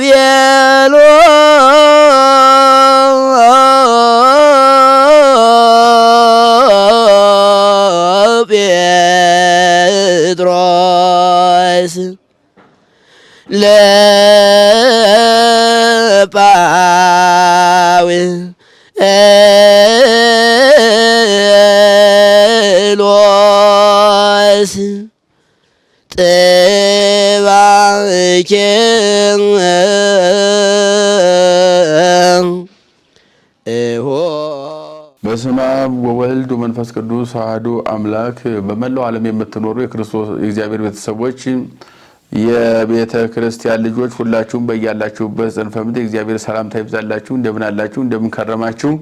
ቤሎ ጴጥሮስ ለጳዊ ሎስ ጥባኬ በስመ አብ ወወልድ ወመንፈስ ቅዱስ አሐዱ አምላክ። በመላው ዓለም የምትኖሩ የክርስቶስ የእግዚአብሔር ቤተሰቦች የቤተ ክርስቲያን ልጆች ሁላችሁም በያላችሁበት ጽንፈ ምድር እግዚአብሔር ሰላምታ ይብዛላችሁ። እንደምን አላችሁ? እንደምን ከረማችሁ?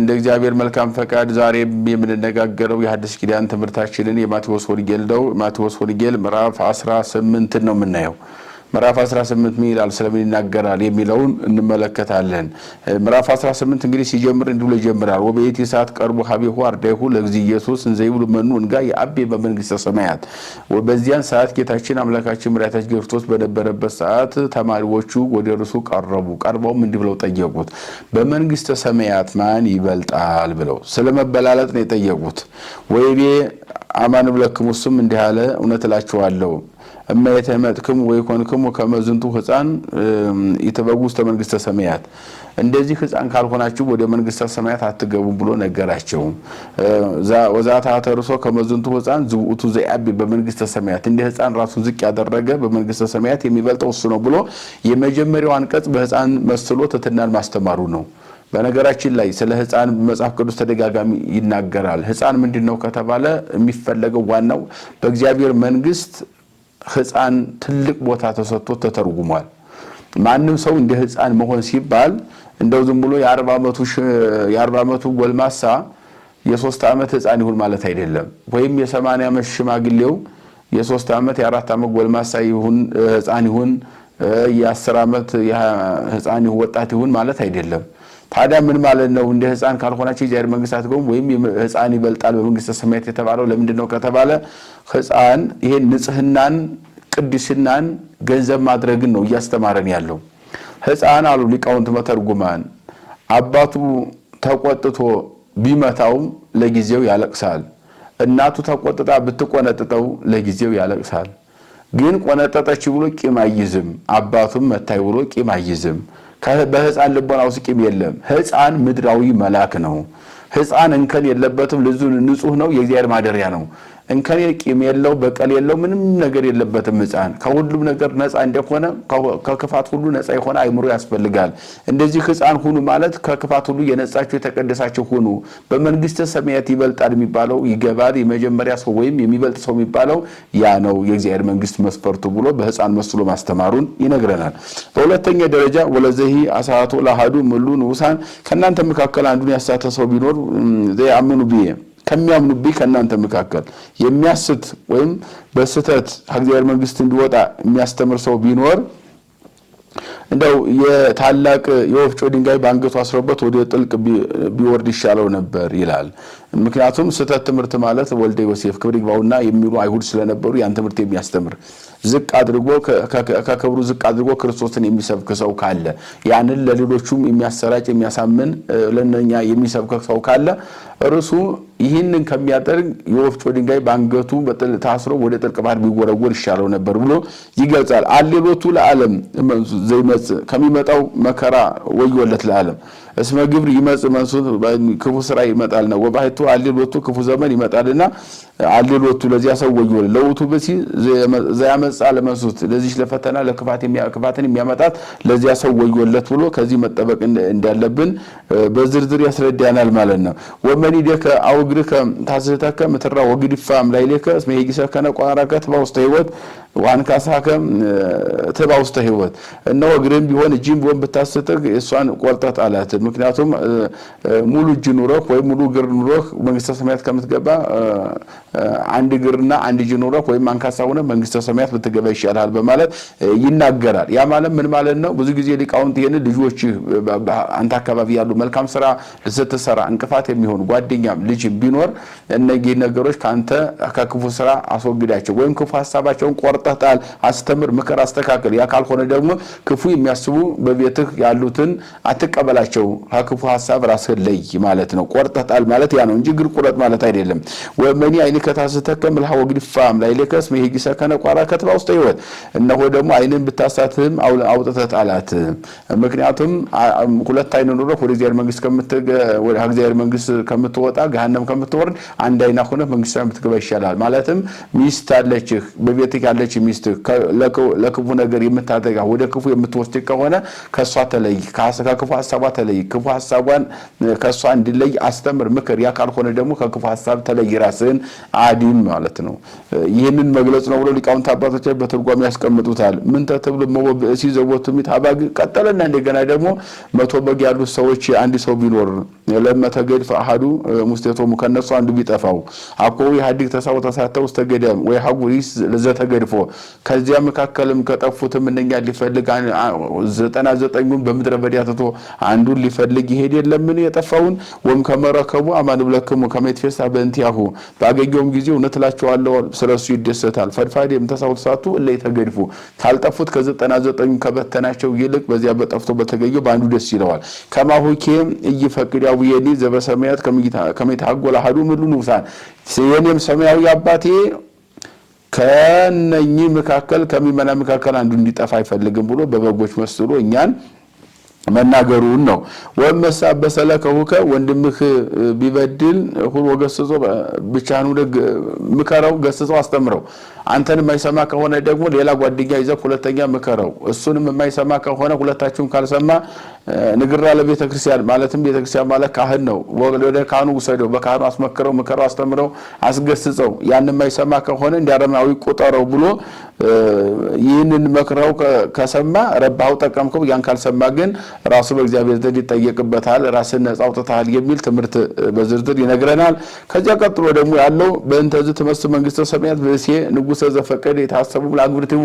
እንደ እግዚአብሔር መልካም ፈቃድ ዛሬ የምንነጋገረው የሐዲስ ኪዳን ትምህርታችንን የማቴዎስ ወንጌል ነው። ማቴዎስ ወንጌል ምዕራፍ 18 ነው የምናየው። ምዕራፍ 18 ምን ይላል፣ ስለምን ይናገራል የሚለውን እንመለከታለን። ምዕራፍ 18 እንግዲህ ሲጀምር እንዲሁ ብሎ ይጀምራል። ወበይቲ ሰዓት ቀርቦ ሀቤሁ አርዳይሁ ለጊዜ ኢየሱስ እንዘይብሉ መኑ እንጋ የአቤ በመንግስተ ሰማያት። በዚያን ሰዓት ጌታችን አምላካችን መድኃኒታችን ክርስቶስ በነበረበት ሰዓት ተማሪዎቹ ወደ እርሱ ቀረቡ። ቀርበውም እንዲህ ብለው ጠየቁት፣ በመንግስተ ሰማያት ማን ይበልጣል ብለው ስለመበላለጥ ነው የጠየቁት ወይቤ አማን ብለክሙ እሱም እንዲህ አለ፣ እውነት እላችኋለሁ እማ የተመጥክሙ ወይ ኮንክሙ ከመዝንቱ ህፃን የተበጉ ውስተ መንግስተ ሰማያት፣ እንደዚህ ህፃን ካልሆናችሁ ወደ መንግስተ ሰማያት አትገቡም ብሎ ነገራቸው። ወዛታ ተርሶ ከመዝንቱ ህፃን ዝውቱ ዘያቢ በመንግስተ ሰማያት፣ እንደ ህፃን ራሱን ዝቅ ያደረገ በመንግስተ ሰማያት የሚበልጠው እሱ ነው ብሎ የመጀመሪያው አንቀጽ በህፃን መስሎ ትሕትናን ማስተማሩ ነው። በነገራችን ላይ ስለ ህፃን መጽሐፍ ቅዱስ ተደጋጋሚ ይናገራል። ህፃን ምንድን ነው ከተባለ የሚፈለገው ዋናው በእግዚአብሔር መንግስት ህፃን ትልቅ ቦታ ተሰጥቶ ተተርጉሟል። ማንም ሰው እንደ ህፃን መሆን ሲባል እንደው ዝም ብሎ የአርባ ዓመቱ ጎልማሳ የሶስት ዓመት ህፃን ይሁን ማለት አይደለም። ወይም የሰማንያ ዓመት ሽማግሌው የሶስት ዓመት የአራት ዓመት ጎልማሳ ይሁን ህፃን ይሁን የአስር ዓመት ሕፃን ወጣት ይሁን ማለት አይደለም። ታዲያ ምን ማለት ነው? እንደ ህፃን ካልሆናችሁ የእግዚአብሔር መንግሥት አትገቡም። ወይም ህፃን ይበልጣል በመንግሥተ ሰማያት የተባለው ለምንድን ነው ከተባለ ህፃን ይሄን ንጽህናን ቅድስናን ገንዘብ ማድረግን ነው እያስተማረን ያለው። ህፃን አሉ ሊቃውንት መተርጉማን፣ አባቱ ተቆጥቶ ቢመታውም ለጊዜው ያለቅሳል። እናቱ ተቆጥጣ ብትቆነጥጠው ለጊዜው ያለቅሳል። ግን ቆነጠጠች ብሎ ቂም አይዝም። አባቱም መታይ ብሎ ቂም አይዝም። በህፃን ልቦና ውስቂም የለም። ህፃን ምድራዊ መልአክ ነው። ህፃን እንከን የለበትም። ልጁ ንጹህ ነው። የእግዚአብሔር ማደሪያ ነው። እንከን ቂም የለው በቀል የለው ምንም ነገር የለበትም። ህፃን ከሁሉም ነገር ነፃ እንደሆነ ከክፋት ሁሉ ነፃ የሆነ አይምሮ ያስፈልጋል። እንደዚህ ህፃን ሁኑ ማለት ከክፋት ሁሉ የነጻችሁ የተቀደሳችሁ ሁኑ፣ በመንግስተ ሰማያት ይበልጣል የሚባለው ይገባል። የመጀመሪያ ሰው ወይም የሚበልጥ ሰው የሚባለው ያ ነው የእግዚአብሔር መንግስት መስፈርቱ ብሎ በህፃን መስሎ ማስተማሩን ይነግረናል። በሁለተኛ ደረጃ ወለዘሂ አሳቶ ለአሐዱ ምሉ ንዑሳን ከእናንተ መካከል አንዱን ያሳተ ሰው ቢኖር ዘየአምኑ ብዬ ከሚያምኑብኝ ከእናንተ መካከል የሚያስት ወይም በስህተት ከእግዚአብሔር መንግስት እንዲወጣ የሚያስተምር ሰው ቢኖር እንደው የታላቅ የወፍጮ ድንጋይ በአንገቱ አስረበት ወደ ጥልቅ ቢወርድ ይሻለው ነበር ይላል። ምክንያቱም ስህተት ትምህርት ማለት ወልደ ዮሴፍ ክብር ይግባውና የሚሉ አይሁድ ስለነበሩ ያን ትምህርት የሚያስተምር ዝቅ አድርጎ ከክብሩ ዝቅ አድርጎ ክርስቶስን የሚሰብክ ሰው ካለ ያንን ለሌሎቹም የሚያሰራጭ የሚያሳምን ለነኛ የሚሰብክ ሰው ካለ እርሱ ይህንን ከሚያደርግ የወፍጮ ድንጋይ በአንገቱ ታስሮ ወደ ጥልቅ ባህር ቢወረወር ይሻለው ነበር ብሎ ይገልጻል። አሌሎቱ ለዓለም ዘይመጽእ ከሚመጣው መከራ ወዮለት ለዓለም እስመ ግብር ይመጽ መንሱ ክፉ ስራ ይመጣል ነው ወባህቱ አልሎቱ ክፉ ዘመን ይመጣልና አልሎቱ ለዚያ ሰው ወዮለ ለውቱ ብሲ ዘያመጽአ ለመንሱት ለዚች ለፈተና ለክፋትን የሚያመጣት ለዚያ ሰው ወዮለት ብሎ ከዚህ መጠበቅ እንዳለብን በዝርዝር ያስረዳናል ማለት ነው። ወመኒ ደከ አውግርከ ታስህተከ ምትራ ወግድፋ ላይሌከ እስመ ሄጊሰከ ነቋራከ ትባ ውስተ ሕይወት ዋንካሳከ ትባ ውስተ ሕይወት እና እግርም ቢሆን እጅም ቢሆን ብታስትህ እሷን ቆርጠት አላት። ምክንያቱም ሙሉ እጅ ኑሮህ ወይም ሙሉ እግር ኑሮህ መንግስተ ሰማያት ከምትገባ አንድ እግርና አንድ እጅ ኑሮህ ወይም አንካሳ ሆነ መንግስተ ሰማያት ብትገባ ይሻላል በማለት ይናገራል። ያ ማለት ምን ማለት ነው? ብዙ ጊዜ ሊቃውንት ይህን ልጆች አንተ አካባቢ ያሉ መልካም ስራ ስትሰራ እንቅፋት የሚሆን ጓደኛም ልጅም ቢኖር እነዚህ ነገሮች ከአንተ ከክፉ ስራ አስወግዳቸው ወይም ክፉ ሀሳባቸውን ቆርጠህ ጣል፣ አስተምር፣ ምክር፣ አስተካክል። ያ ካልሆነ ደግሞ ክፉ የሚያስቡ በቤትህ ያሉትን አትቀበላቸው ከክፉ ሀሳብ ራስህን ለይ ማለት ነው። ቆርጠጣል ማለት ያ ነው እንጂ እግር ቁረጥ ማለት አይደለም። ወመኒ ዓይንከ ታስተከ ምልሃ ወግድፋ እምላዕሌከ እስመ ይሄጊሰ ከነቋራ ከትባ ውስጥ ሕይወት። እነሆ ደግሞ አይንን ብታሳትህም አውጥተህ ጣላት። ምክንያቱም ሁለት አይን ኑሮ ወደ እግዚአብሔር መንግስት ከእግዚአብሔር መንግስት ከምትወጣ ገሃነም ከምትወርድ አንድ አይና ሆነ መንግስት ብትገባ ይሻላል። ማለትም ሚስት አለችህ፣ በቤትህ ያለች ሚስት ለክፉ ነገር የምታደጋ ወደ ክፉ የምትወስድ ከሆነ ከእሷ ተለይ፣ ከክፉ ሀሳቧ ተለይ ክፉ ሀሳቧን ከእሷ እንዲለይ አስተምር፣ ምክር። ያ ካልሆነ ደግሞ ከክፉ ሀሳብ ተለይ፣ ራስህን አዲን ማለት ነው። ይህንን መግለጽ ነው ብሎ ሊቃውንት አባቶች በትርጓሜ ያስቀምጡታል። ምን ተብሎ ሲዘወቱ ሚት አባግ ቀጠለና እንደገና ደግሞ መቶ በግ ያሉት ሰዎች አንድ ሰው ቢኖር ነው ለመተገድ ፈአሐዱ ሙስቴቶሙ ከነሱ አንዱ ቢጠፋው አኮ ኢህአዲግ ተሳው ተሳተው ውስጥ ተገዳም ወይ ሐጉሪስ ለዘ ተገድፎ ከዚያ መካከልም ከጠፉትም እነኛ ሊፈልግ ዘጠና ዘጠኙን በምድረ በዳ ትቶ አንዱን ሊፈልግ ይሄድ የለምን የጠፋውን ወም ከመረከቡ አማን ብለክሙ ከመትፌሳ በእንቲያሁ ባገኘውም ጊዜ እውነት እላቸዋለሁ ስለሱ ይደሰታል። ፈድፋዴም ተሳው ተሳቱ እለ ተገድፎ ካልጠፉት ከዘጠና ዘጠኙ ከበተናቸው ይልቅ በዚያ በጠፍቶ በተገኘው በአንዱ ደስ ይለዋል። ከማሁኬም እይፈቅድ አቡዬ ሊ ዘበሰማያት ከመይትሐጎል አሐዱ እምእሉ ንዑሳን የኔም ሰማያዊ አባቴ ከነኚህ መካከል ከሚመና መካከል አንዱ እንዲጠፋ አይፈልግም ብሎ በበጎች መስሎ እኛን መናገሩን ነው። ወመሳ በሰለ ከሁከ ወንድምህ ቢበድል ሁሉ ወገስጾ ብቻኑ ምከረው፣ ገስጾ አስተምረው። አንተን የማይሰማ ከሆነ ደግሞ ሌላ ጓደኛ ይዘህ ሁለተኛ ምከረው። እሱንም የማይሰማ ከሆነ ሁለታችሁም ካልሰማ ንግራ ለቤተ ክርስቲያን ማለትም ቤተ ክርስቲያን ማለት ካህን ነው። ወደ ካህኑ ውሰደው፣ በካህኑ አስመክረው፣ ምከረው፣ አስተምረው፣ አስገስጸው። ያን የማይሰማ ከሆነ እንደ አረማዊ ቁጠረው ብሎ ይህንን መክረው ከሰማ ረባው ጠቀምከው፣ ያን ካልሰማ ግን ራሱ በእግዚአብሔር ዘንድ ይጠየቅበታል፣ ራስን ነጻ አውጥተሃል የሚል ትምህርት በዝርዝር ይነግረናል። ከዚያ ቀጥሎ ደግሞ ያለው በእንተ ዝትመስ መንግስተ ሰማያት ብእሴ ንጉሰ ዘፈቀደ የታሰቡ ለአግብርቲሙ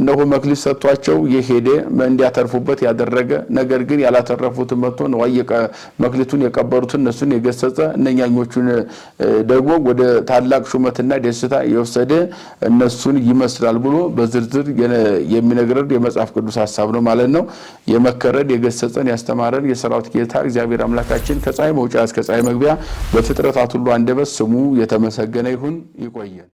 እነሆ መክሊት ሰጥቷቸው የሄደ እንዲያተርፉበት ያደረገ ነገር ግን ያላተረፉትን መጥቶ ነዋይ መክሊቱን የቀበሩትን እነሱን የገሰጸ እነኛኞቹን ደግሞ ወደ ታላቅ ሹመትና ደስታ የወሰደ እነሱን ይመስላል። ብሎ በዝርዝር የሚነግረን የመጽሐፍ ቅዱስ ሀሳብ ነው ማለት ነው። የመከረን የገሰጸን ያስተማረን የሰራዊት ጌታ እግዚአብሔር አምላካችን ከፀሐይ መውጫ እስከ ፀሐይ መግቢያ በፍጥረታት ሁሉ አንደበት ስሙ የተመሰገነ ይሁን። ይቆየን።